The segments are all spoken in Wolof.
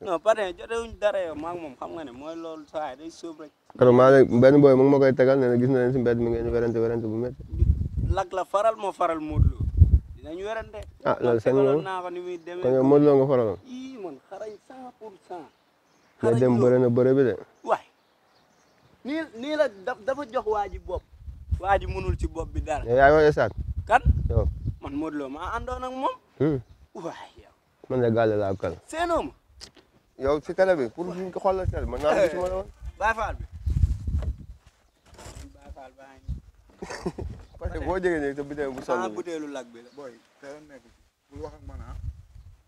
non parrain jotewuñ dara yow maa ngi moom xam nga ne mooy loolu saa day sóob rek. kon maa benn booy mu koy tegal ne na gis na leen si mbedd mi ngeen werante werante bu métti. lak la faral moo faral Modou Lo dinañ werante. ah loolu Lo nga faraloon. ii dem bëre na bëre bi de. la dafa jox waa ji bopp. waa ji mënul ci bopp bi dara. yaa ngi woon esaat. kan man Modou Lo maa àndoon ak moom. Hmm. waay man de gàll laa kal. yow ci télé bi pour ñu ko xoolal ci télé bi mën la ma ne woon. bi. Baye Fall baa ngi. parce que boo jege jege te butéel bu sonn. ah butéelu lag bi la booy teel a nekk bul wax ak man ah.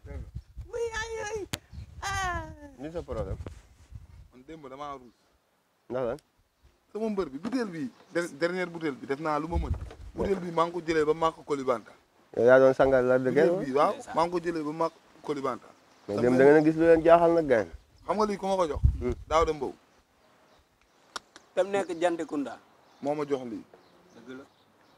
dégg nga. oui ah. sa problème. man démb damaa mbër bi butéel bi dernière butéel bi def naa lu ma mën. butéel bi maa ngi ko jëlee ba maa ko Kolibanta. yow yaa doon sangal la dëgg. waaw maa ngi ko jëlee ba maa ko Kolibanta. mais dem da ngeen a gis lu leen jaaxal nag gaañ. xam nga lii ku ma ko jox. Hmm. daaw de mbow. tam nekk Jantikunda. moo ma jox lii. dëgg la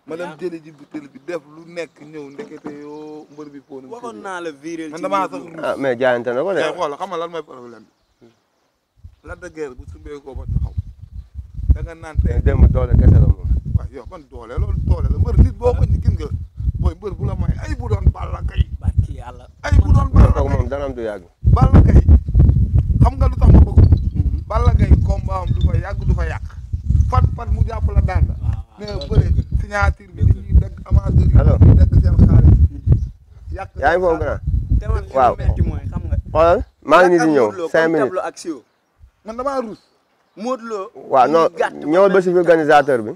ma dem jëli ji butéel bi def lu nekk ñëw ndekete yoo mbër bi. fóonu waxoon naa la viril man damaa sax ah mais jaayante na ko de. xool xam nga lan mooy problème bi. Hmm. la de guerre bu subee ko ba taxaw. da nga naan tey dem doole kese la moom. waaw yow ban doole loolu doole la mbër nit boo ko gis nga. booy mbër bu la may ay bu doon balla kay. barki yàlla ay bu doon dana am du yàgg. Balla Gaye xam nga lu tax ma bëgg ko. Balla Gaye combat am du mu jàpp la daan la. waaw ah, ah, waaw bëre signature bi nit ñi dëkk amateur yi. alors nit ñi dëkk seen xaalis. yàq yaa ngi foofu gannaaw. waaw xoolal maa ngi nii di ñëw cinq minutes. man damaa ruus. Modou Lo waaw non ñëwal ba si organisateur bi.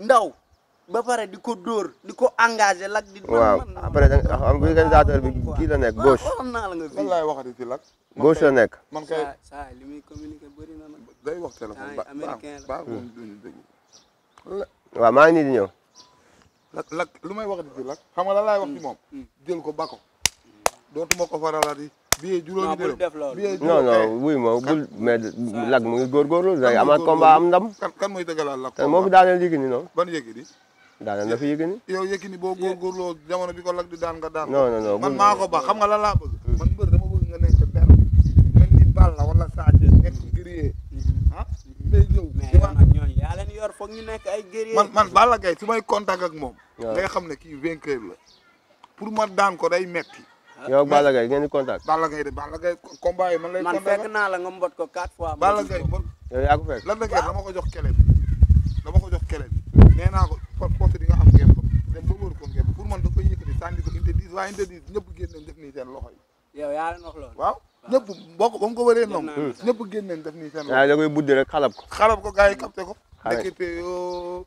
Ndaw. ba pare di ko dóor di ko engagé lak di. waaw après da nga xam organisateur bi kii la nekk gauche. waaw naa la nga fii lan laay waxati ci lak. gauche la nekk. man kay saa li muy communiqué bëri na nag. day wax téléphone ba ba moom duñu dégg. waaw maa ngi nii di ñëw. lak lak lu may waxati lak xam nga lan laay wax ci hmm. moom. Hmm. jël ko bako dootuma ko faralati. biye juróomi dërëm biye non non wuy ma bul mais lag mu ngi góorgóorlu day amaat combat am ndam. kan kan mooy dëggalal lak moo fi daaneel daanaka la fi yëgani. yow yëgani boo góorgóorloo jamono bi ko lag di daan nga daan. man maa ko ba xam nga la laa bëgg. Mm. man mbër dama bëgg nga nekk der mel wala Sadio nekk guerrier mm-hmm. ah mais yow. ñu nekk ay guerrier. man bala Balla Gaye may contact ak moom. waaw xam ne kii vainqueur la pour ma daan ko day metti yow ak Balla Gaye ngeen di contact. Balla Gaye de Balla Gaye combat man lay. contact man naa la nga mbot ko quatre fois. Balla Gaye man yow yaa ko fekk. la dama ko jox kele la ma ko jox kele nee naa ko porte bi nga am ngeen ko dem ba wër ko ngeen pour man da koy yëkkati sànni ko interdit waaye interdit ñëpp génn nañ def nii seen loxo yi. yow yaa leen wax loolu. waaw ñëpp boo ko ba mu ko wëree noonu. ñëpp génn nañ def nii seen loxo. waaw da koy buddi rek xalab ko. xalab ko gars yi capté ko. nekkite yoo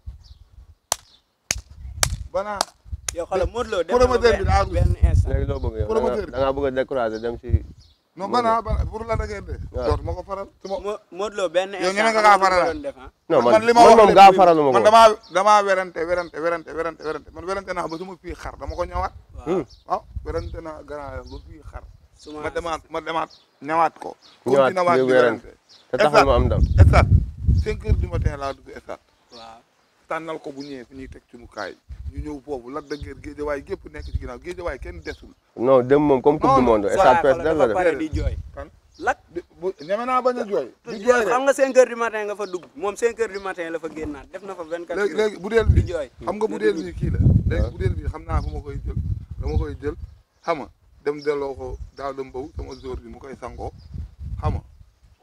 banaa. yow xoolal Modou Lo. promoteur bi daa benn instant léegi loo bëgg yow da ngaa bëgg a décourager dem ci. non bana bana pour la da ngeen de. waaw ma ko faral. Modou Lo benn instant nga kaa faral ah. non man li ma wax moom damaa damaa werante werante werante werante werante man werante na ba su ma fii xar dama ko ñawaat waaw hmm. ah, werante naa gannaaw ba fii xar. ma demaat ma demaat ñëwaat ko. ñëwaat ñu werante te taxul ma du matin laa dugg stade. tànnal ko bu ñëwee fu ñuy teg ci mu kaay ñu ñëw foofu Lac de Guiers Guédiawaye gépp nekk ci ginnaaw waaye kenn desul. non dem moom comme coupe du monde. stade presse dal la def di jooy. kan Lac bu ñeme naa bañ a jooy. di jooy xam nga 5 heures du nga fa dugg moom 5 heures du matin la fa génnaat def na fa 24 heures. léegi léegi budeel bi di jooy xam nga budeel bi kii la. léegi budeel bi xam naa fa ma koy jël dama koy jël xam nga dem delloo ko daal de mbaw sama jour bi mu koy sangoo xam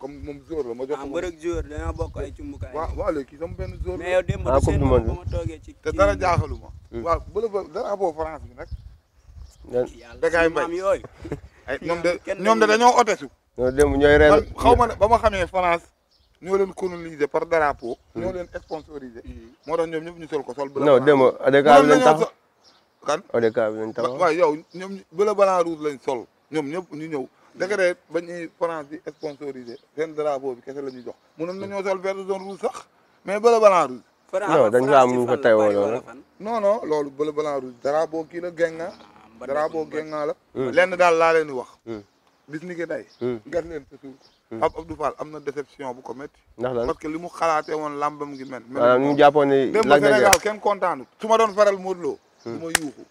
comme moom joor la ma jox ah, ko moom ak joor dañoo bokk ay cumbukaay. waaw waaw léegi kii sama benn joor la mais yow démb ah, te dara jaaxalu ma. Hmm. waaw France bi nag. dagaay mbay maam yooyu. ay ñoom de ñoom de dañoo otesu. ñoo dem ñooy ren xaw ma ne ba ma xamee France ñoo leen colonisé par drapeau. Hmm. ñoo leen sponsorisé. moo tax ñoom ñu sol ko sol. non démb ODCAV bi lañ taxaw kan ODCAV bi lañ taxaw. waaw yow ñoom bu la balaa sol ñoom ñëpp ñu ñëw décret ba ñuy France di sponsorisé seen drapeau bi kese la ñuy jox mënoon ñoo sol vert zone rouge sax mais bële balaa rouge. non dañ am ko teewoo loolu. non non loolu bële blanc rouge drapeau kii la genga ah, drapeau genga la. Hmm. lenn daal laa leen di wax. Hmm. bis ni ki day. gas leen sa suuf. Pape Abdou am na déception bu ko métti. ndax lan parce que li mu xalaate woon lambam gi mel. mu ñu jàppoon ne. Sénégal kenn kontaanut su ma doon faral Modou Lo. Hmm. du ma yuuxu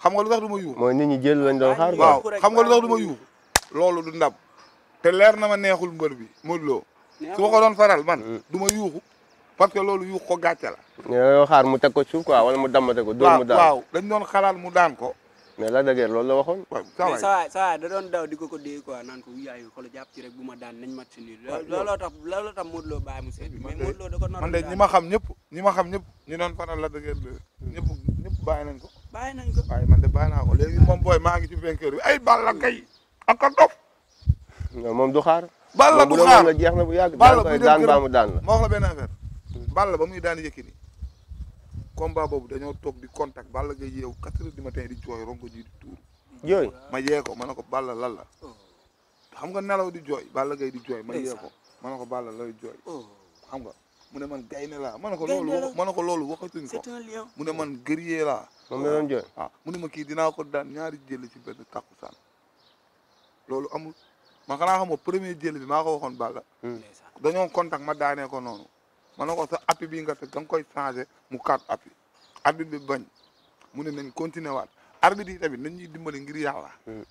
xam nga lu tax du ma yuuxu. mooy nit ñi jël lañ doon xaar. waaw xam nga lu ma yuuxu. loolu du ndam te leer na ma neexul mbër bi Modou Lo su ko doon faral man mm. du ma yuuxu parce que loolu yuuxu ko gàcce la yow xaar mu teg ko suuf quoi wala mu dammate ko dóor mu dañ doon xalaat mu daan ko mais la dëgër loolu la waxoon mais sawaay sawaay da di ko ko dee quoi naan ko yaayu xool jàpp ci rek bu ma daan nañ mat si nii looloo tax looloo tax Modou Lo bàyyi mu man de ñi ma xam ñëpp ñi ma xam ñëpp ñu doon faral la dëgër ñëpp ñëpp bàyyi nañ ko bàyyi nañ ko waaye man de bàyyi naa ko léegi moom booy maa ngi ci bi ay Balla Gaye ak ak dof moom du xaar Balla du xaar la jeex na bu yàgg Balla bu daan baa mu daan la ma wax la benn affaire Balla ba muy daan Yékini combat boobu dañoo toog di contact Balla nga yeewu quatre heures du matin di jooy rongo ji di tuur jooy ma yee ko ma ne ko Balla lan la xam nga nelaw di jooy Balla Gaye di jooy ma yee ko ma ne ko Balla lay jooy oh. xam nga mu ne man gaynde laa ma ne ko loolu waxatuñ ko mu ne man guerrier laa moom la doon jooy waaw ah, mu ne ma kii dinaa ko daan ñaari jël ci benn takkusaan loolu amul man xanaa xamoo premier jël bi maa ko waxoon Balla. Hmm. dañoo contact ma daanee ko noonu. ma ne ko sa appui bi nga teg koy changé mu quatre appui. appui bi bañ mu ne nañ continuer waat arbitre yi tamit nañ dimbali ngir yàlla. Hmm.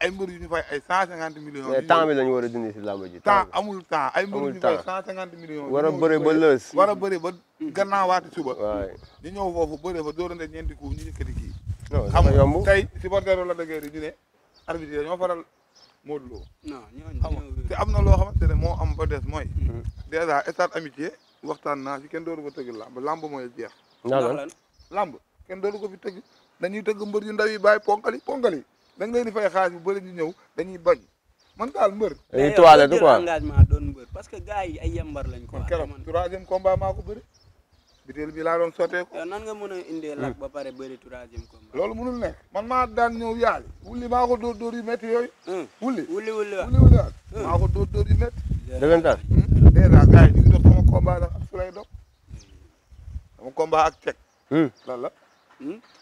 ay mbër yu ñu fay ay cent cinquante millions. mais temps bi lañu war a dindi ji. temps amul temps ay mbër yu ñu fay cent cinquante millions. war a bëre ba lës. war a bëre ba gannaawaati suba. waay ñu ñëw foofu bëre fa doorante ñeenti coup ñu yëkkati kii. non xam nga la dëgër yi ñu ne yi dañoo faral. Modou Lo. te am na loo xamante ne moo am ba des mooy. Mhm. dèjà stade amitié waxtaan naa si kenn dooru ko tëgg làmb lamb mooy jeex. lan làmb kenn dooru ko fi tëgg dañuy tëgg mbër yu ndaw yi bàyyi ponkali ponkali da nga leen di fay xaalis bu bëri ñu ñëw dañuy bañ man daal mbër. dañuy toile du quoi engagement doon mbër parce que gars yi ay yembar lañ ko. keroog troisième combat maa ko bëri. bitéel bi laa doon sotteeku. nan nga mën indee làkk ba pare bëri troisième loolu mënul nekk man maa daan ñëw yaay. wulli maa ko dóor dóor yu métti yooyu. wulli hmm. wulli wulli wulli wulli waat. Hmm. maa ko dóor dóor yu métti. da leen daal. dèjà gars ak lay dox. sama combat cek. Hmm. lan la.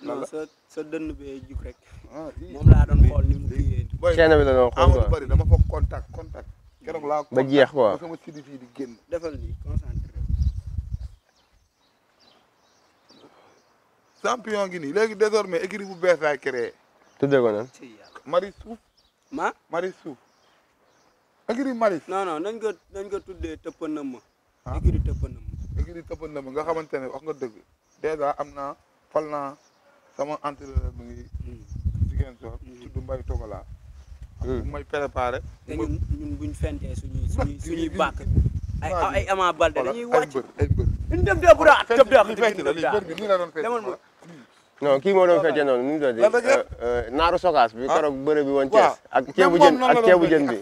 lan la sa sa dënn ah, doon xool ni mu kii. contact contact. keroog laa ba jeex quoi champion gi nii léegi désormais écurie bu bees laay créé. tuddee ko nan. Maris Suuf. ma Maris Suuf. écurie Maris. non non nañ ko nañ ko tuddee tëppandam ma. ah écurie tëppandam ma. écurie tëppandam ma nga xamante ne wax nga dëgg dèjà am naa fal sama entraîneur bi ngi hmm. jigéen soor. Hmm. tudd Mbaye Togala. bu hmm. may préparé. te ñun ñun buñ fentee suñuy suñuy suñuy ay Ama Baldé dañuy wàcc ay bër ay bër. ñu dem dee bu daax tëb daax. ñu fekk la lii bër non kii moo doon fekkee noonu nu mu tuddati naar sokaas bi keroog bëre bi woon Thiès ak ceebu jën ak ceebu jën bi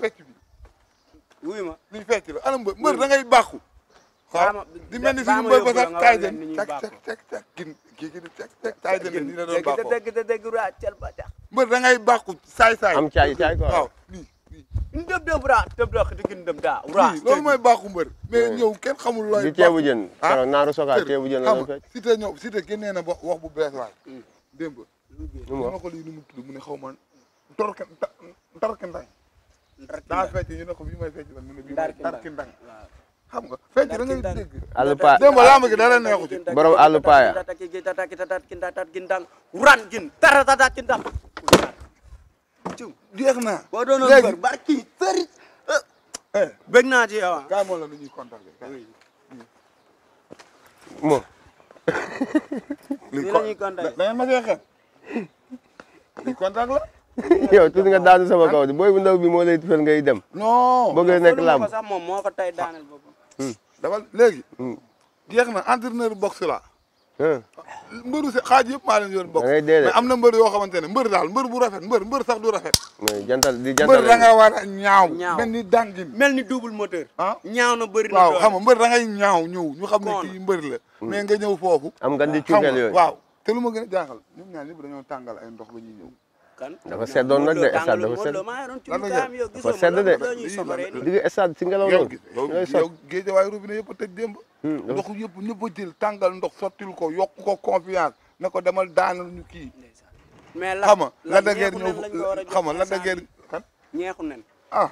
wuy ma fekk la anam mbër da ngay bàqu waaw di mel ni suñu mbër ba sax taay den teg kii gi teg teg taay den la doon bàqu dégg dégg dégg ra cel ba jax mbër da ngay bàqu saay saay am caay caay quoi waaw ndëb dëb ra dëb ra xëti gën dëb daa ra loolu mooy baaxu mbër mais ñëw kenn xamul looy ceebu jën keroog naaru sokaay ceebu jën la doon fecc si te ñëw si te génnee na wax bu bees waay démb ma ko lii nu mu tudd mu ne xaw ma ndorke ndorke ndang daa fecc ñu ne ko bii may fecc man mu ne bii may ndarki ndang xam nga fecc da ngay dégg àll paa démb laama gi dara neexu ci borom àll paa ya kin dang ran gin tara tata kin dang ci jeex na boo doonoon mbër barki eh, eh. naa ci yow moo la lu ñuy contacté moom li la ñuy contacté da ngeen li contact la yow tuuti nga daanu sama kaw booy bu ndaw bi moo la tufel ngay dem non bëgg nekk làmb sax moom moo ko tey daanal boppam hmm. dafa léegi hmm. jeex na entraîneur boxe la mbëru se xaaj yëpp maa leen yoon bokk mais am na mbër yoo xamante ne mbër daal mbër bu rafet mbër mbër sax du rafet jantal di jantal mbër da nga war a ñaaw mel ni dàngin mel ni double moteur ah ñaaw na bëri na waaw xam nga mbër da ngay ñaaw ñëw ñu xam ne kii mbër la hmm. mais nga ñëw foofu am nga di ah, cuuneel yooyu waaw te lu ma gën a jaaxal ñoom ñaar dañoo tàngal ay ndox ba ñuy ñëw kan dafa seddoon nag de stade dafa sedd dafa sedd de digg stade si ngelaw loolu yow géej waay robinet yëpp a tëj démb ndox yëpp ñëpp a jël tàngal ndox sottil ko yokk ko confiance na kan ñeexu ah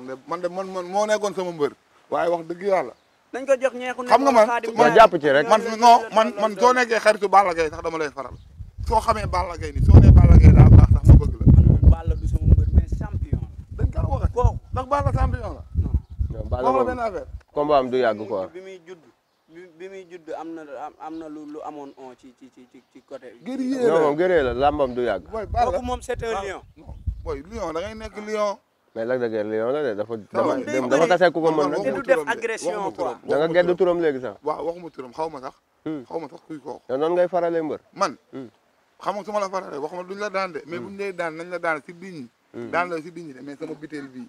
man de man de man man moo nekkoon sama mbër waaye wax dëgg yàlla dañ ko jox man man man man soo nekkee xaritu Balla Gaye sax dama lay faral soo xamee Balla Gaye ni soo nee Balla Gaye daal ndax Balla champion la. non Balla moom benn affaire. combat am du yàgg quoi. bi muy judd bi muy judd am na am na lu lu amoon on ci ci ci ci côté. gërëyee la non moom gërëyee du yàgg. booy Balla kooku moom c'est un lion. booy lion da ngay nekk lion. mais Lac de Guiers lion la de dafa. dafa tase ku ko mën nag. du def agression quoi. da nga gedd turam léegi sax. waaw waxuma turam xaw sax. Hmm. xaw ma sax kuy kooku. yow noonu ngay faralee mbër. man hmm. xam nga su ma la faralee waxuma duñ la daan de. mais buñ lay hmm. daan nañ la daan si biir ñi. daan si biir ñi de mais sama biteel bii.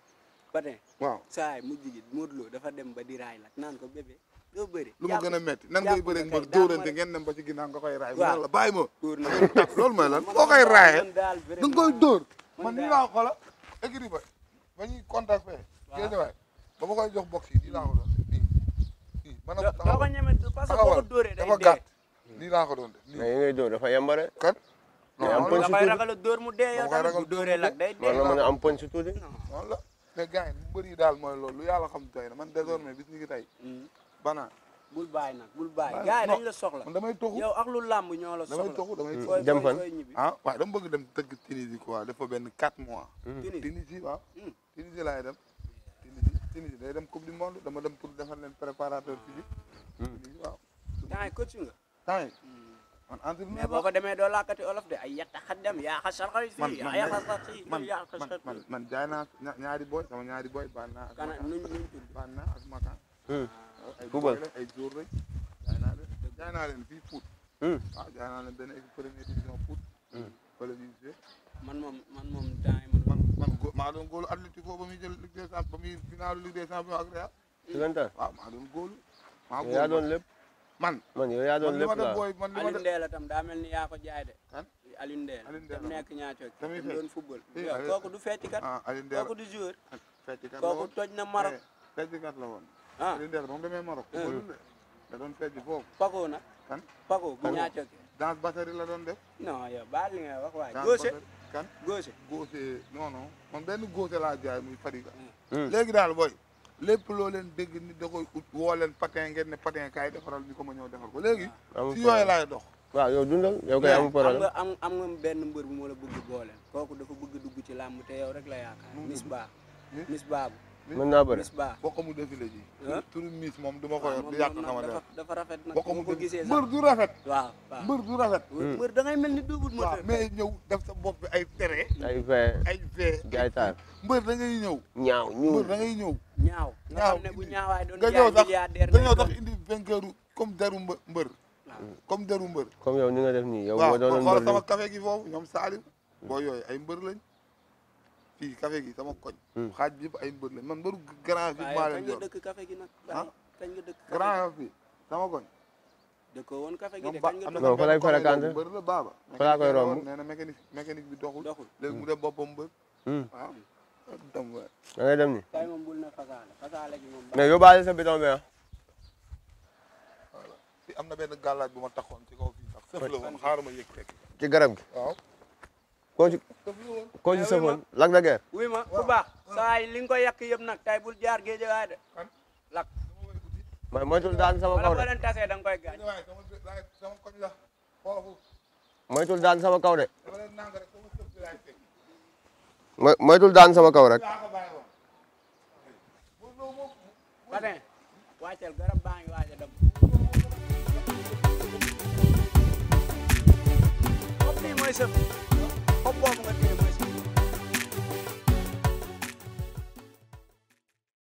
patin waaw saa yi mujj gi dem ba di raay la naan ko bébé doo bëri lu ma gën a metti nan ngay bëri mbër dóorante ngeen dem ba ci ginnaaw ko koy raay mu la bàyyi ma ah, loolu mooy lan boo koy raayee da nga koy dóor man nii laa xola ba ba ñuy contact fe géejawaay jox box yi nii laa ko doon def nii nii man na ko taxawal dafa gàtt nii laa ko doon def mu dee yow tamit bu dóoree lak day a am poñ tuuti mais gars yi mbër daal mooy loolu lu yàlla xam doy na man désormais bis ñu ngi tey. Mm. bana bul nag bul bàyyi. gars la soxla damay toxu yow ak lu làmb ñoo la soxla damay toxu damay. fooy dem fan ah waaw bëgg dem tëgg Tunisie quoi dafa benn 4 mois. Tunisie waaw mm. Tunisie laay dem. Tunisie Tunisie day dem coupe du monde dama dem pour defar leen préparateur physique. Mm. Tunisie waaw. temps yi coach nga. man entrepreneur mais boo ko demee doo làkkati olof de ay yatta xaddam yaa xas sarxal si man man man man jaay naa ñaari booy sama ñaari booy baan naa. kana nuñ nuñ tudd baan naa ak makan. Hmm. ay booy ay jour rek jaay naa leen te jaay naa leen fii Pout. waaw hmm. ah, jaay naa leen benn équipe première division Pout. fële ñuy joué. man moom man moom daañu ma. man man maa doon góolu Atlético ba muy jël Ligue des Champions ba muy final Ligue des Champions ak Real. waaw ah, maa doon góolu. maa góolu yaa doon man man yow yaa doon lépp la man de Alioune la tam daa mel ni yaa ko jaay de. kan Alioune Ndeye la tam nekk ñaa coog. tamit doon football. kooku du feccikat. ah Alioune Ndeye la kooku du joueur. feccikat la woon kooku toj na Maroc. Eh, feccikat la woon. ah Alioune Ndeye la moom demee Maroc. Ah. da doon fecc foofu. Paco nag. kan Paco bu ñaa coog. danse batterie la doon def. non yow baal li nga wax waaye. gauche kan gauche. gauche non non man benn gauche laa jaay muy Fadiga. Ah. Hmm. léegi daal booy. lépp loo leen dégg ni da koy ut woo leen ngeen ne patin kaay defaral ñu ko ma ñëw defar ko léegi. si yooyu laay dox. waaw yow dundal yow kay amul problème am nga am nga benn mbër bu ma la bëgg boole. kooku dafa bëgg dugg ci làmb te yow rek la yaakaar. Mm-hmm. Miss Ba mm-hmm. Miss Ba mën naa bëri boo ko mu défilé ji. turu moom du ma ko yor di yàq sama def dafa rafet nag boo ko mu gisee mbër du rafet. waaw waaw mbër rafet. mbër hmm. mel ni double moteur. mais ñëw def sa bopp bi ay tere. ay v ay v mbër da ngay ñëw. ñaaw ñuul mbër da ngay ñëw. ñaaw nga xam ne bu ñaawaay doon jaay milliardaire nga ñëw sax indi vainqueur comme daru mbër. Hmm. comme daru mbër. comme yow ni nga def nii yow. boo doon mbër waaw xoolal sama café gi foofu ñoom Saliou. boo yooyu ay mbër lañ fii café gi sama koñ. Hmm. xaaj bi yëpp ay mbër la man mbëru grand bi maa leen jox kañ nga dëkk café gi nag. ah kañ nga dëkk grand bi sama koñ. dëkkoo woon café gi de kañ nga dëkk. non fa lay fréquenté mbër la baaba. fa laa koy romb nee na mécanique mécanique bi doxul. doxul léegi mu dem boppam mbër. waaw hmm. ah, dem waay. da ngay dem ni. kay moom bul na fasaale fasaale gi moom. mais yóbbaale sa bidon bi ah. voilà fii am na benn gàllaaj bu ma taxoon ci kaw fii sax. sëf la woon xaaral ma yëg fekk. ci garab gi waaw. koo ci koo ci eh, sëfoon Lac de Guiers. ma ku baax saa yi li nga koy yàq yëpp nag tey bul jaar géej waaye de lak man moytul daan sama kaw de wala leen tasee da nga koy gaañ. moytul daan sama kaw de. moytul daan sama kaw rek. Patin wàccal garab baa ngi waaj a dem. Hop Opo mga kayo